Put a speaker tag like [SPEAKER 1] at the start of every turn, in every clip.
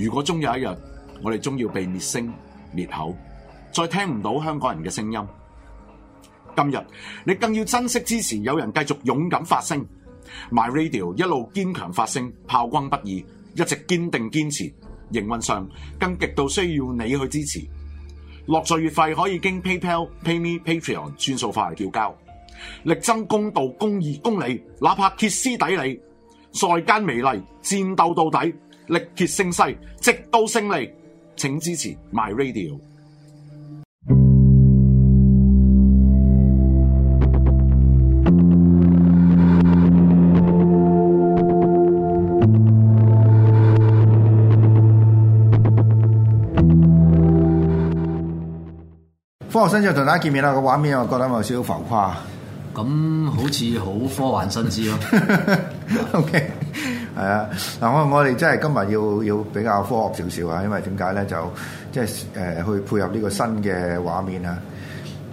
[SPEAKER 1] 如果終有一日，我哋終要被滅聲滅口，再聽唔到香港人嘅聲音。今日你更要珍惜支持，有人繼續勇敢發聲，My Radio 一路堅強發聲，炮轟不已，一直堅定堅持。營運上更極度需要你去支持。落座月費可以經 PayPal、PayMe、Patreon 轉數化嚟繳交，力爭公道、公義、公理，哪怕歇斯底里，在間美麗，戰鬥到底。力竭勝勢，直到勝利。請支持 My Radio。
[SPEAKER 2] 科學新知同大家見面啦，個畫面我覺得有少少浮誇，咁好似好科幻新知咯。OK。係啊，嗱我我哋真係今日要要比較科學少少啊，因為點解咧就即係誒去配合呢個新嘅畫面啊！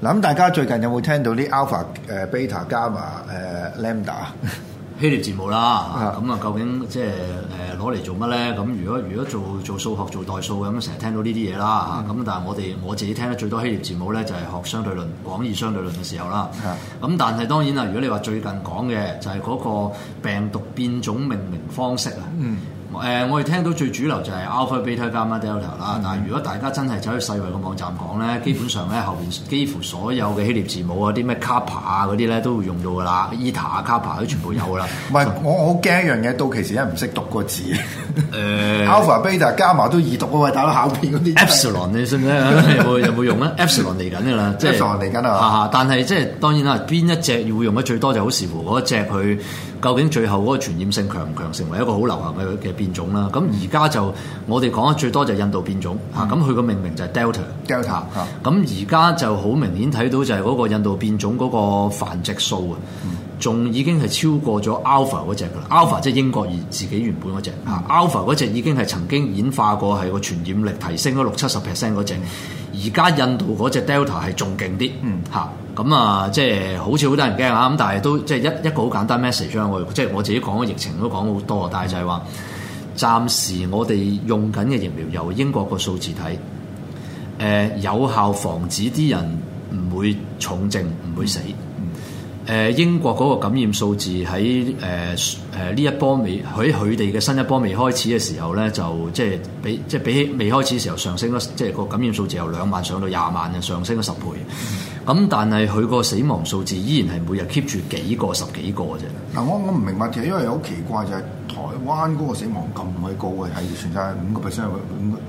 [SPEAKER 2] 嗱咁大家最近有冇聽到啲 alpha、誒 beta 樂、伽瑪、誒 lambda
[SPEAKER 1] 希臘字母啦？咁啊，究竟即係誒。 攞嚟做乜咧？咁如果如果做做數學做代數咁，成日聽到呢啲嘢啦。咁、嗯、但係我哋我自己聽得最多希臘字母咧，就係學相對論，廣義相對論嘅時候啦。咁是的 但係當然啦，如果你話最近講嘅就係嗰個病毒變種命名方式啊。嗯誒、呃，我哋聽到最主流就係 alpha beta 加 gamma delta 啦。Δ，但係如果大家真係走去世衞個網站講咧，基本上咧後邊幾乎所有嘅希臘字母啊，啲咩 kappa 啊嗰啲咧都會用到噶啦，eta 啊 kappa 都全部都有噶啦。
[SPEAKER 2] 唔係不以，我我驚一樣嘢，到其時咧唔識讀個字。
[SPEAKER 3] 誒，alpha
[SPEAKER 2] beta 加埋都易讀啊，大佬考片嗰啲。epsilon 你識唔 epsilon 有冇有冇用咧？epsilon 嚟緊噶啦，epsilon 嚟緊
[SPEAKER 1] 啊！即但係即係當然啦，邊一隻會用得最多就好視乎嗰一隻佢。究竟最後嗰個傳染性強唔強成為一個好流行嘅嘅變種啦？咁而家就我哋講得最多就係印度變種嚇，咁佢個命名就係 Del Delta，啊。Delta 嚇，咁而家就好明顯睇到就係嗰個印度變種嗰個繁殖數啊，仲、嗯、已經係超過咗 Al、嗯、Alpha 嗰隻噶啦。Alpha 即係英國自自己原本嗰隻嚇，Alpha 嗰隻已經係曾經演化過係個傳染力提升咗六七十 percent 嗰隻，而家印度嗰隻 Delta 係仲勁啲，嗯嚇。啊咁啊，即係好似好多人驚啊。咁但係都即係一一個好簡單 message 啦，我即係我自己講嘅疫情都講好多，但係就係話暫時我哋用緊嘅疫苗由英國個數字睇，誒、呃、有效防止啲人唔會重症，唔會死。誒，英國嗰個感染數字喺誒誒呢一波未喺佢哋嘅新一波未開始嘅時候咧，就即係比即係比起未開始嘅時候上升咗，即係個感染數字由兩萬上到廿萬啊，上升咗十倍。咁、嗯、但係佢個死亡數字依然係每日 keep 住幾個十幾個啫。嗱、
[SPEAKER 2] 嗯，我我唔明白，其實因為好奇怪就係、是。台灣嗰個死亡咁鬼高嘅，係全世界五個 percent，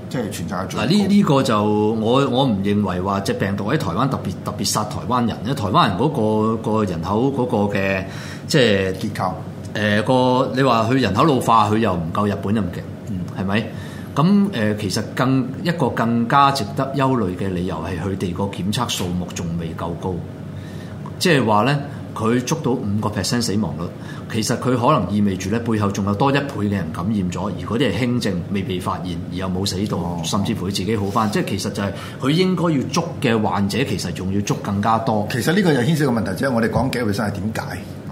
[SPEAKER 2] 即係全世界最高。嗱、呢
[SPEAKER 1] 呢個就我我唔認為話隻病毒喺台灣特別特別殺台灣人，因為台灣人嗰、那個、那個人口嗰個嘅即係結構靠，誒個、呃、你話佢人口老化，佢又唔夠日本咁嘅，嗯係咪？咁誒、呃、其實更一個更加值得憂慮嘅理由係佢哋個檢測數目仲未夠高，即係話咧。佢捉到五個 percent 死亡率，其實佢可能意味住咧，背後仲有多一倍嘅人感染咗，而嗰啲係輕症未被發現，而又冇死到，甚至乎佢自己好返。哦、即係其實就係佢應該要捉嘅患者，其實仲要捉更加多。其實呢個又牽涉個問題，即係我哋講幾 percent 係點解？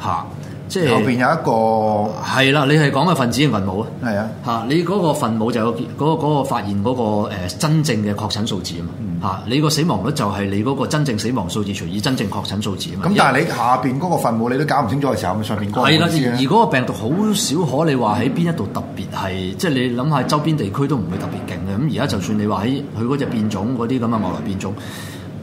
[SPEAKER 1] 嚇，即、就、係、是、後邊有一個係啦，你係講嘅分子定分母啊？係啊的，嚇你嗰個分母就嗰、嗰個嗰、嗰個發現嗰個真正嘅確診數字啊嘛。嚇！你個死亡率就係你嗰個真正死亡數字除以真正確診數字啊嘛。咁但係你下邊嗰個分母你都搞唔清楚嘅時候，咪上邊嗰個先咧。而嗰個病毒好少可，你話喺邊一度特別係，嗯、即係你諗下周邊地區都唔會特別勁嘅。咁而家就算你話喺佢嗰隻變種嗰啲咁嘅外來變種。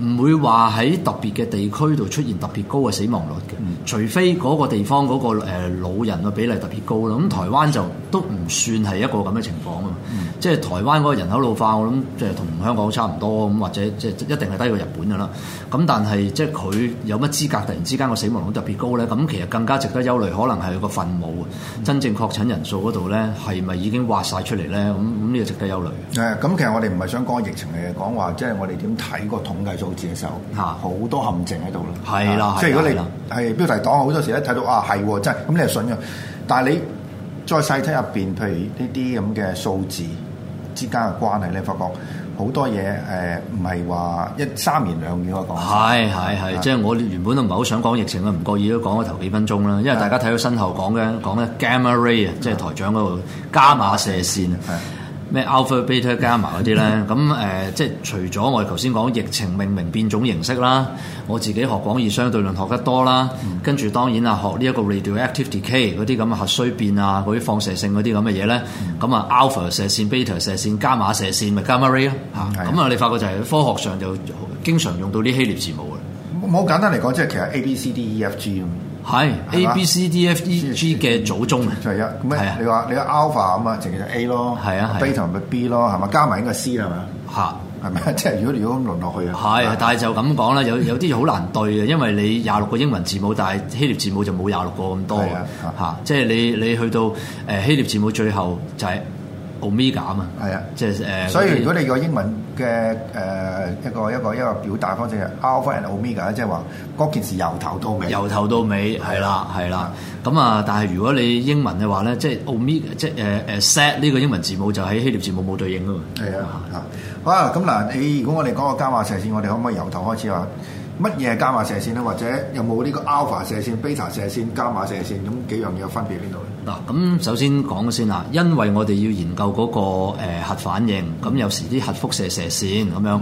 [SPEAKER 1] 唔會話喺特別嘅地區度出現特別高嘅死亡率嘅，嗯、除非嗰個地方嗰個老人嘅比例特別高啦。咁、嗯、台灣就都唔算係一個咁嘅情況啊。嗯、即係台灣嗰個人口老化，我諗即係同香港差唔多咁，或者即係一定係低過日本噶啦。咁但係即係佢有乜資格突然之間個死亡率特別高咧？咁其實更加值得憂慮，可能係個分母、嗯、真正確診人數嗰度咧，係咪已經挖晒出嚟咧？咁咁呢個值得憂慮。誒、嗯，咁其實我哋唔係想講疫情嚟嘅，講話即係我哋點睇個統計數。
[SPEAKER 2] 嘅時候嚇，好多陷阱喺度啦，係啦，即係如果你係標題黨，好多時咧睇到啊係，真係咁你就信咗。但係你再細睇入邊，譬如呢啲咁嘅數字之間嘅關係你發覺好多嘢誒唔係話一三言兩語可以講，係係係，即
[SPEAKER 1] 係我原本都唔係好想講疫情嘅，唔覺意都講咗頭幾分鐘啦，因為大家睇到身後講嘅講嘅 gamma ray 啊，即係台長嗰度伽瑪射線啊。咩 alpha、beta、gamma 嗰啲咧？咁、hmm. 誒、呃，即係除咗我哋頭先講疫情命名變種形式啦，我自己學廣義相對論學得多啦，mm hmm. 跟住當然啊學呢一個 radioactive decay 嗰啲咁嘅核衰變啊，嗰啲放射性嗰啲咁嘅嘢咧，咁啊 alpha 射線、beta 射線、伽馬射線咪、就是、gamma ray 咯
[SPEAKER 3] 咁啊，mm hmm. 啊
[SPEAKER 1] 你發覺就係科學上就經常用到啲希臘字母
[SPEAKER 2] 嘅。我簡單嚟講，即係其實 A、B、C、D、E、F、G 咯。
[SPEAKER 1] 係 A B C
[SPEAKER 2] D e F E G 嘅祖宗，就係一咩？你話你個 alpha 咁啊，淨係得 A 咯，係啊，beta 咪 B 咯，係咪？加埋應該 C 係咪吓，嚇，係咪？即係如果如果咁輪落去啊。係，
[SPEAKER 1] 但係就咁講啦。有有啲嘢好難對嘅，因為你廿六個英文字母，但係希臘字母就冇廿六個咁多嘅嚇。即係你你去到誒希臘字母最後就係。Omega 嘛，係啊的，即係誒。Uh, 所以如果你
[SPEAKER 2] 個英文嘅誒、uh, 一個一個一個表達方式係 alpha
[SPEAKER 1] and omega，即係話嗰件事由頭到尾。由頭到尾係啦，係啦、嗯。咁啊的，但係如果你英文嘅話咧，即係 omega，即係誒誒 Z 呢個英文字母就喺希臘字母冇對應啊嘛。係的
[SPEAKER 2] 啊，好哇！咁嗱，你如果我哋講個伽瑪射線，我哋可唔可以由頭開始話乜嘢係伽瑪射線咧？或者有冇呢個 alpha 射線、beta 射線、伽瑪射，射線咁幾
[SPEAKER 1] 樣嘢有分別喺邊度咧？嗱，咁首先講先啦，因為我哋要研究嗰個核反應，咁有時啲核輻射射線咁樣，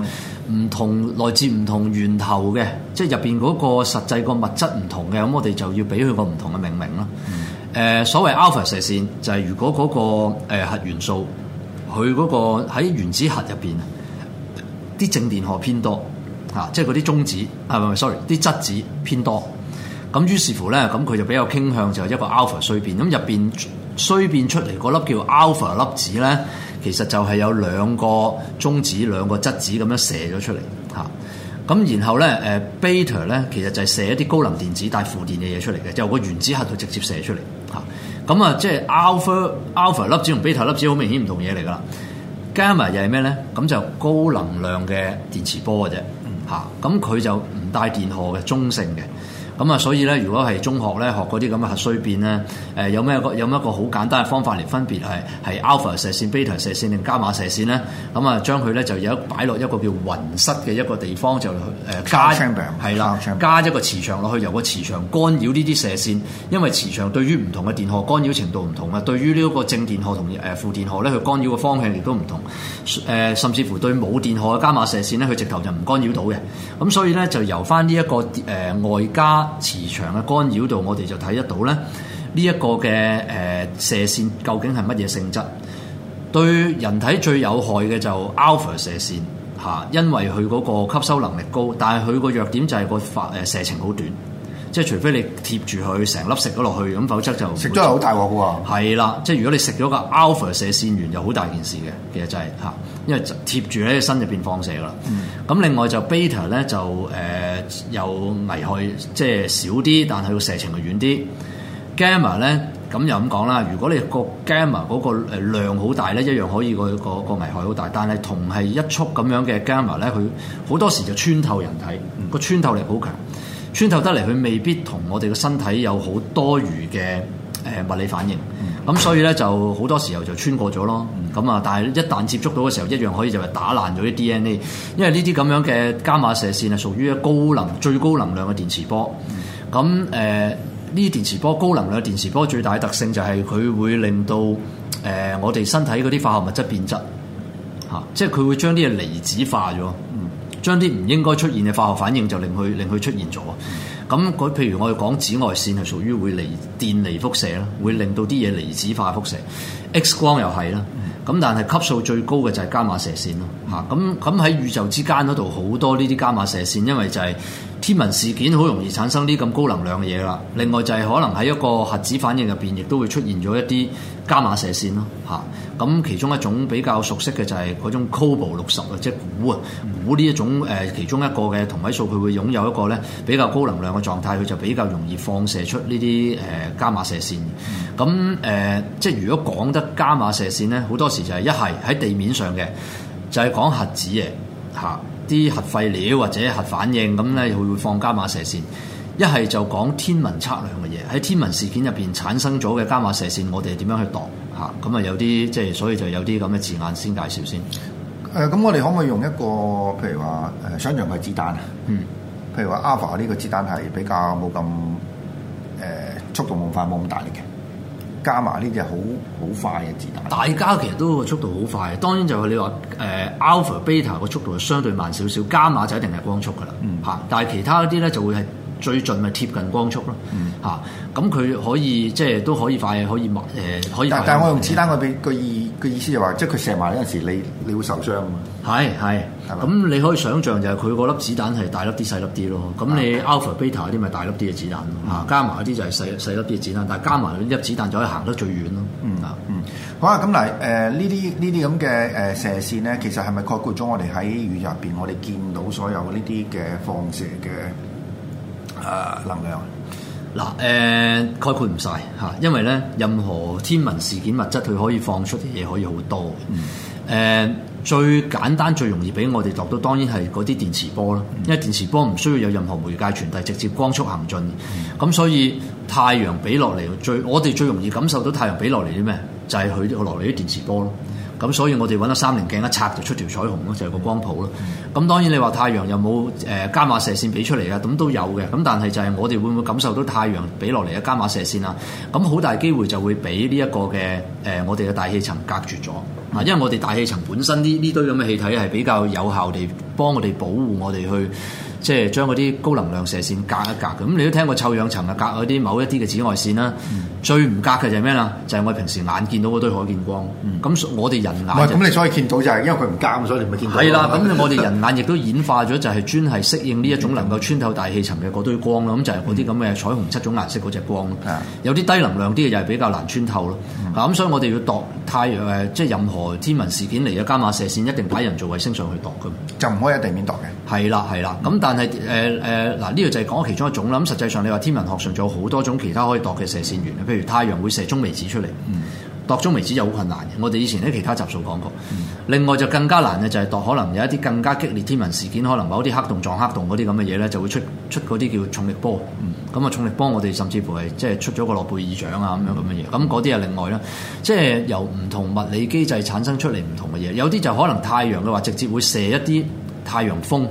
[SPEAKER 1] 唔同來自唔同源頭嘅，即係入邊嗰個實際個物質唔同嘅，咁我哋就要俾佢個唔同嘅命名咯。誒、嗯呃，所謂 alpha 射線就係、是、如果嗰個核元素，佢嗰個喺原子核入邊啲正電荷偏多，嚇、啊，即係嗰啲中子係咪？sorry，啲質子偏多。咁於是乎咧，咁佢就比較傾向就係、是、一個 alpha 衰變，咁入邊衰變出嚟嗰粒叫 alpha 粒子咧，其實就係有兩個中子、兩個質子咁樣射咗出嚟嚇。咁然後咧，誒 beta 咧，其實就係射一啲高能電子帶負電嘅嘢出嚟嘅，就是、個原子核就直接射出嚟嚇。咁啊，即係 alpha alpha 粒子同 beta 粒子好明顯唔同嘢嚟㗎啦。gamma 又係咩咧？咁就高能量嘅電磁波嘅啫嚇。咁佢就唔帶電荷嘅，中性嘅。咁啊、嗯，所以咧，如果係中學咧學啲咁嘅核衰變咧，誒、呃、有咩個有咩一個好簡單嘅方法嚟分別係係 alpha 射線、beta 射線定伽瑪射線咧？咁、嗯、啊，將佢咧就有一擺落一個叫雲室嘅一個地方，就誒加係啦，加一個磁場落去，由個磁場干擾呢啲射線，因為磁場對於唔同嘅電荷干擾程度唔同啊，對於呢一個正電荷同誒負電荷咧，佢干擾嘅方向亦都唔同。誒、呃、甚至乎對冇電荷嘅伽瑪射線咧，佢直頭就唔干擾到嘅。咁、嗯、所以咧，就由翻呢一個誒、呃呃呃、外加磁場嘅干擾度，我哋就睇得到咧。呢、這、一個嘅誒射線究竟係乜嘢性質？對人體最有害嘅就 alpha 射線吓，因為佢嗰個吸收能力高，但係佢個弱點就係個發誒射程好短，即係除非你貼住佢成粒食咗落去，咁否則就食咗好大鑊噶。係啦，即係如果你食咗個 alpha 射線源，完就好大件事嘅，其實就係、是、吓，因為貼住喺身入邊放射啦。咁、嗯、另外就 beta 咧，就誒。呃有危害即係少啲，但係要射程係遠啲。Gamma 咧咁又咁講啦，如果你個 Gamma 嗰個誒量好大咧，一樣可以個個個危害好大。但係同係一束咁樣嘅 Gamma 咧，佢好多時就穿透人體，個穿透力好強，穿透得嚟佢未必同我哋嘅身體有好多餘嘅。誒物理反應，咁所以咧就好多時候就穿過咗咯。咁啊，但係一旦接觸到嘅時候，一樣可以就係打爛咗啲 DNA。因為呢啲咁樣嘅伽瑪射線係屬於高能、最高能量嘅電磁波。咁誒，呢啲、呃、電磁波高能量嘅電磁波最大嘅特性就係佢會令到誒、呃、我哋身體嗰啲化學物質變質嚇、啊，即係佢會將啲嘢離子化咗，將啲唔應該出現嘅化學反應就令佢令佢出現咗。咁佢譬如我哋講紫外線係屬於會離電離輻射啦，會令到啲嘢離子化輻射，X 光又係啦。咁的但係級數最高嘅就係伽瑪射線咯。吓的，咁咁喺宇宙之間嗰度好多呢啲伽瑪射線，因為就係、是。天文事件好容易產生呢咁高能量嘅嘢啦，另外就係可能喺一個核子反應入邊，亦都會出現咗一啲伽瑪射線咯，嚇。咁其中一種比較熟悉嘅就係嗰種 cobalt 六十啊，即係鈷啊，鈷呢一種誒其中一個嘅同位素，佢會擁有一個咧比較高能量嘅狀態，佢就比較容易放射出呢啲誒伽瑪射線。咁、呃、誒即係如果講得伽瑪射線咧，好多時就係、是、一係喺地面上嘅，就係、是、講核子嘅嚇。啊啲核廢料或者核反應咁咧，佢會放伽瑪射線。一係就講天文測量嘅嘢，喺天文事件入邊產生咗嘅伽瑪射線，我哋點樣去度嚇？咁啊，有啲即係，所以就有啲咁嘅字眼先介紹先。
[SPEAKER 2] 誒、呃，咁我哋可唔可以用一個，譬如話誒，想像係子彈啊？嗯，譬如話 Alpha 呢個子彈係比較冇咁誒速度夢幻，冇咁大力嘅。加馬呢啲係好好快嘅子彈，
[SPEAKER 1] 大家其實都個速度好快嘅。當然就係你話誒、呃、alpha beta 個速度係相對慢少少，加馬就一定係光速噶啦。嗯，嚇！但係其他嗰啲咧就會係。最盡咪貼近光速咯，嚇、嗯！咁佢、啊、可以即係都可以快，可以默、呃、可以但。但但係我用子彈，我畀個意個意思就話，即係佢射埋嗰陣時，你你會受傷啊嘛。係係，咁吧你可以想像就係佢個粒子彈係大粒啲、細粒啲咯。咁你 Alpha Beta 嗰啲咪大粒啲嘅子彈咯，嚇、啊！伽瑪嗰啲就係細細粒啲嘅子彈，但係伽瑪一子彈就可以行得最遠咯。嗯
[SPEAKER 2] 嗯，好啊！咁嚟誒呢啲呢啲咁嘅誒射線咧，其實係咪概括咗我哋喺宇宙入邊我哋見到所有呢啲嘅放射
[SPEAKER 1] 嘅？誒，能量嗱，誒概括唔晒吓，因為咧任何天文事件物質，佢可以放出啲嘢，可以好多。嗯，誒、呃、最簡單最容易俾我哋落到，當然係嗰啲電磁波啦。嗯，因為電磁波唔需要有任何媒介傳遞，直接光速行進。咁、嗯、所以太陽俾落嚟最，我哋最容易感受到太陽俾落嚟啲咩？就係佢落嚟啲電磁波咯。咁所以，我哋揾咗三棱鏡一拆就出條彩虹咯，就係個光譜咯。咁當然你話太陽有冇誒伽瑪射線俾出嚟啊？咁都有嘅。咁但係就係我哋會唔會感受到太陽俾落嚟嘅伽瑪射線啊？咁好大機會就會俾呢一個嘅誒、呃，我哋嘅大氣層隔絕咗啊！因為我哋大氣層本身呢呢堆咁嘅氣體係比較有效地幫我哋保護我哋去。即係將嗰啲高能量射線隔一隔嘅，咁你都聽過臭氧層啊，隔嗰啲某一啲嘅紫外線啦。嗯、最唔隔嘅就係咩啦？就係、是、我哋平時眼見到嗰堆可見光。咁、嗯、我哋人眼唔咁，你所以見到
[SPEAKER 2] 就係因為佢唔隔，所以你咪見到。係啦，咁我哋人
[SPEAKER 1] 眼亦都演化咗，就係專係適應呢一種能夠穿透大氣層嘅嗰堆光咯。咁就係嗰啲咁嘅彩虹七種顏色嗰隻光。嗯、有啲低能量啲嘅就係比較難穿透咯。嗱咁、嗯，嗯、所以我哋要度太陽誒、呃，即係任何天文事件嚟嘅伽瑪射線，一定擺人造衛星上去度嘅，就唔可以喺地面度嘅。係啦係啦，咁、嗯、但但係誒誒嗱呢個就係講其中一種啦。咁實際上你話天文學上仲有好多種其他可以度嘅射線源，譬如太陽會射中微子出嚟，度、嗯、中微子有好困難嘅。我哋以前喺其他集數講過。嗯、另外就更加難嘅就係度可能有一啲更加激烈天文事件，可能某啲黑洞撞黑洞嗰啲咁嘅嘢咧，就會出出嗰啲叫重力波。咁啊、嗯、重力波我哋甚至乎係即係出咗個諾貝爾獎啊咁樣咁嘅嘢。咁嗰啲啊另外啦，即、就、係、是、由唔同物理機制產生出嚟唔同嘅嘢。有啲就可能太陽嘅話直接會射一啲太陽風。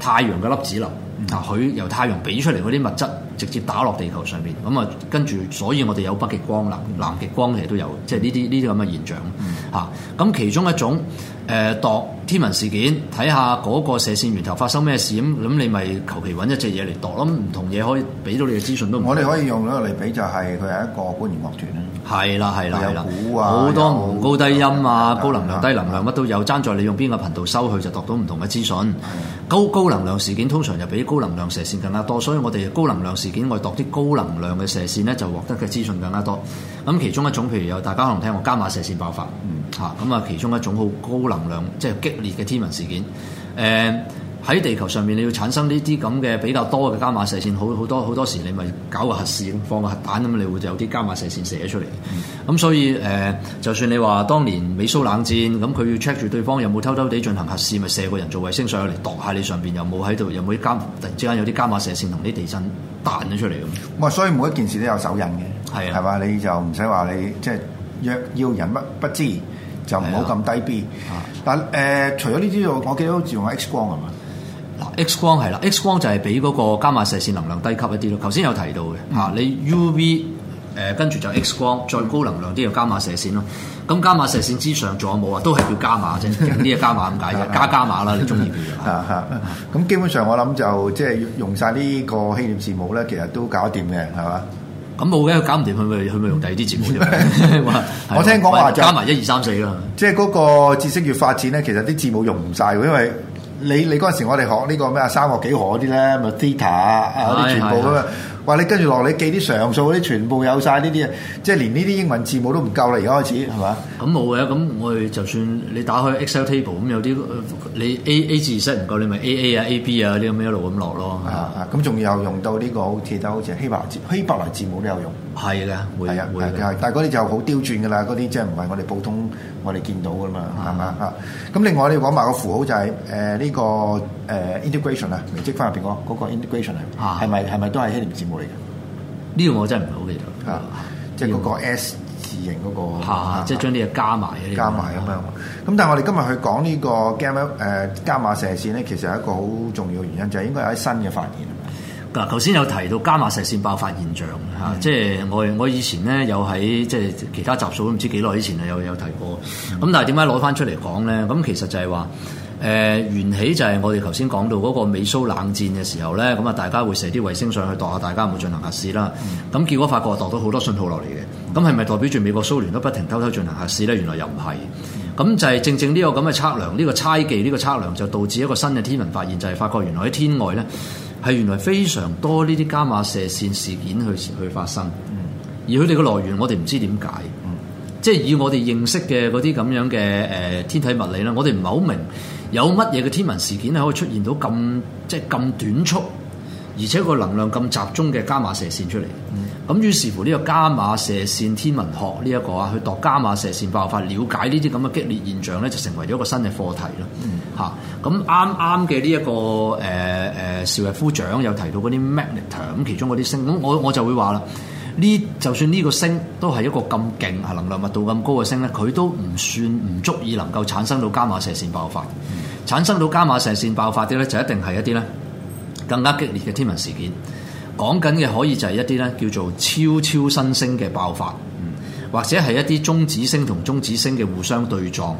[SPEAKER 1] 太陽嘅粒子流啊，佢由太陽俾出嚟嗰啲物質直接打落地球上面，咁啊，跟住所以我哋有北極光啦，南極光其實都有，即係呢啲呢啲咁嘅現象嚇。咁、嗯啊、其中一種。誒、嗯、度天文事件，睇下嗰個射線源頭發生咩事咁，咁、啊嗯、你咪求其揾一隻嘢嚟度咯。唔同嘢可以俾到你嘅資訊都唔同。唔我哋可以用呢個嚟比就係佢係一個管弦樂團啦。係啦係啦係啦，好、啊、多唔同高低音啊，高低音啊，高能量高低能量乜都有，爭、嗯、在你用邊個頻道收佢，就度到唔同嘅資訊。的高高能量事件通常就比高能量射線更加多，所以我哋高能量事件，我哋度啲高能量嘅射線咧就獲得嘅資訊更加多。咁其中一種，譬如有大家可能聽過伽瑪射線爆發，嗯嚇，咁啊其中一種好高能量，即係激烈嘅天文事件，誒、呃。喺地球上面，你要產生呢啲咁嘅比較多嘅伽馬射線，好好多好多時你咪搞個核試，放個核彈咁，你會就有啲伽馬射線射咗出嚟。咁、嗯、所以誒、呃，就算你話當年美蘇冷戰，咁佢要 check 住對方有冇偷偷地進行核試，咪射個人造衛星上去嚟度下你上邊，又冇喺度，又冇啲監，突然之間有啲伽馬射線同啲地震彈咗出嚟咁。所以每一件事都有手印嘅，係是啊，係嘛？你
[SPEAKER 2] 就唔使話你即係、就是、若要人不不知，就唔好咁低 B 是、啊但。但、呃、誒，除咗呢啲，我記得好似用 X 光係嘛？
[SPEAKER 1] X 光係啦，X 光就係比嗰個伽馬射線能量低級一啲咯。頭先有提到嘅，吓、嗯、你 U V 誒、呃，跟住就 X 光再高能量啲嘅伽馬射線咯。咁伽馬射線之上仲有冇啊？都係叫伽馬啫，啲嘢伽馬咁解嘅， 加加馬啦。你中意佢啊？吓咁基本上我諗就即、就係、係
[SPEAKER 2] 用晒呢個希臘字母咧，其實都搞掂嘅，係嘛？
[SPEAKER 1] 咁冇嘅，搞唔掂佢咪佢咪用第二啲字母。我聽講話加埋一二三四啦。即係
[SPEAKER 2] 嗰個知識越發展咧，其實啲字母用唔晒，因為。你你嗰陣時我哋學呢個咩啊三角幾何嗰啲咧，咪 Theta 啊嗰啲全部咁啊！話你跟住落你記啲常數嗰啲，全部有晒呢啲啊！
[SPEAKER 1] 即係連呢啲英文字母都唔夠啦，而家開始係嘛？咁冇嘅，咁、嗯、我哋就算你打開 Excel table 咁有啲你 A A 字識唔夠你咪 A A 啊 A B 啊呢咁一路咁落咯啊！咁仲、啊啊、有用到呢、呢個好似都好似希伯字希伯來字母都有用。係㗎，會啊會
[SPEAKER 2] 啊，但係嗰啲就好刁轉㗎啦，嗰啲即係唔係我哋普通我哋見到㗎嘛，係嘛啊？咁另外你講埋個符號就係誒呢個誒 integration 啊，彎積翻入邊個嗰個 integration 係係咪係咪都係 h e l i 字母嚟嘅？呢個我真係唔係好記得即係嗰個 S 字形嗰個，即係將呢嘢加埋加埋咁樣。咁但係我哋今日去講呢個伽馬誒伽馬射線咧，其實係一個好重要嘅原因，就應該有啲新嘅發現。
[SPEAKER 1] 嗱，頭先有提到伽瑪射線爆發現象，嚇、嗯，即係我我以前咧，有喺即係其他集數都唔知幾耐以前啊，有有提過。咁、嗯、但係點解攞翻出嚟講咧？咁其實就係話，誒、呃，源起就係我哋頭先講到嗰個美蘇冷戰嘅時候咧，咁啊，大家會射啲衛星上去度下，大家有冇進行核試啦？咁、嗯、結果發覺度到好多信號落嚟嘅，咁係咪代表住美國蘇聯都不停偷偷進行核試咧？原來又唔係，咁、嗯、就係正正呢個咁嘅測量，呢、這個猜忌，呢個測量就導致一個新嘅天文發現，就係、是、發覺原來喺天外咧。係原來非常多呢啲伽瑪射線事件去去發生，嗯、而佢哋嘅來源我哋唔知點解，嗯、即係以我哋認識嘅嗰啲咁樣嘅誒、呃、天體物理啦，我哋唔係好明有乜嘢嘅天文事件係可以出現到咁即係咁短促。而且個能量咁集中嘅伽瑪射線出嚟，咁、嗯、於是乎呢個伽瑪射線天文學呢、這、一個啊，去度伽瑪射線爆發，了解呢啲咁嘅激烈現象咧，就成為咗一個新嘅課題咯。嚇、嗯，咁啱啱嘅呢一個誒誒、呃呃、邵逸夫獎又提到嗰啲 magnetar 咁、um，其中嗰啲星，咁我我就會話啦，呢就算呢個星都係一個咁勁、係能量密度咁高嘅星咧，佢都唔算唔足以能夠產生到伽瑪射線爆發，嗯、產生到伽瑪射線爆發啲咧就一定係一啲咧。更加激烈嘅天文事件，講緊嘅可以就係一啲咧叫做超超新星嘅爆發，嗯、或者係一啲中子星同中子星嘅互相對撞，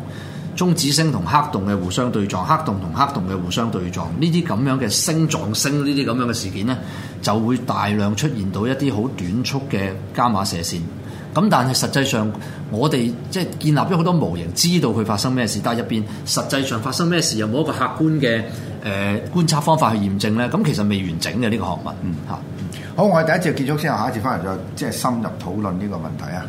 [SPEAKER 1] 中子星同黑洞嘅互相對撞，黑洞同黑洞嘅互相對撞，呢啲咁樣嘅星撞星呢啲咁樣嘅事件呢，就會大量出現到一啲好短促嘅伽瑪射線。咁但係實際上，我哋即係建立咗好多模型，知道佢發生咩事，但係入邊實際上發生咩事，又冇一個客觀嘅。誒、呃、觀察方法去驗證咧，咁其實未完
[SPEAKER 3] 整嘅呢、這個學問，嗯嚇。好，我哋第一節結束先，後下一節翻嚟再即係深入討論呢個問題啊。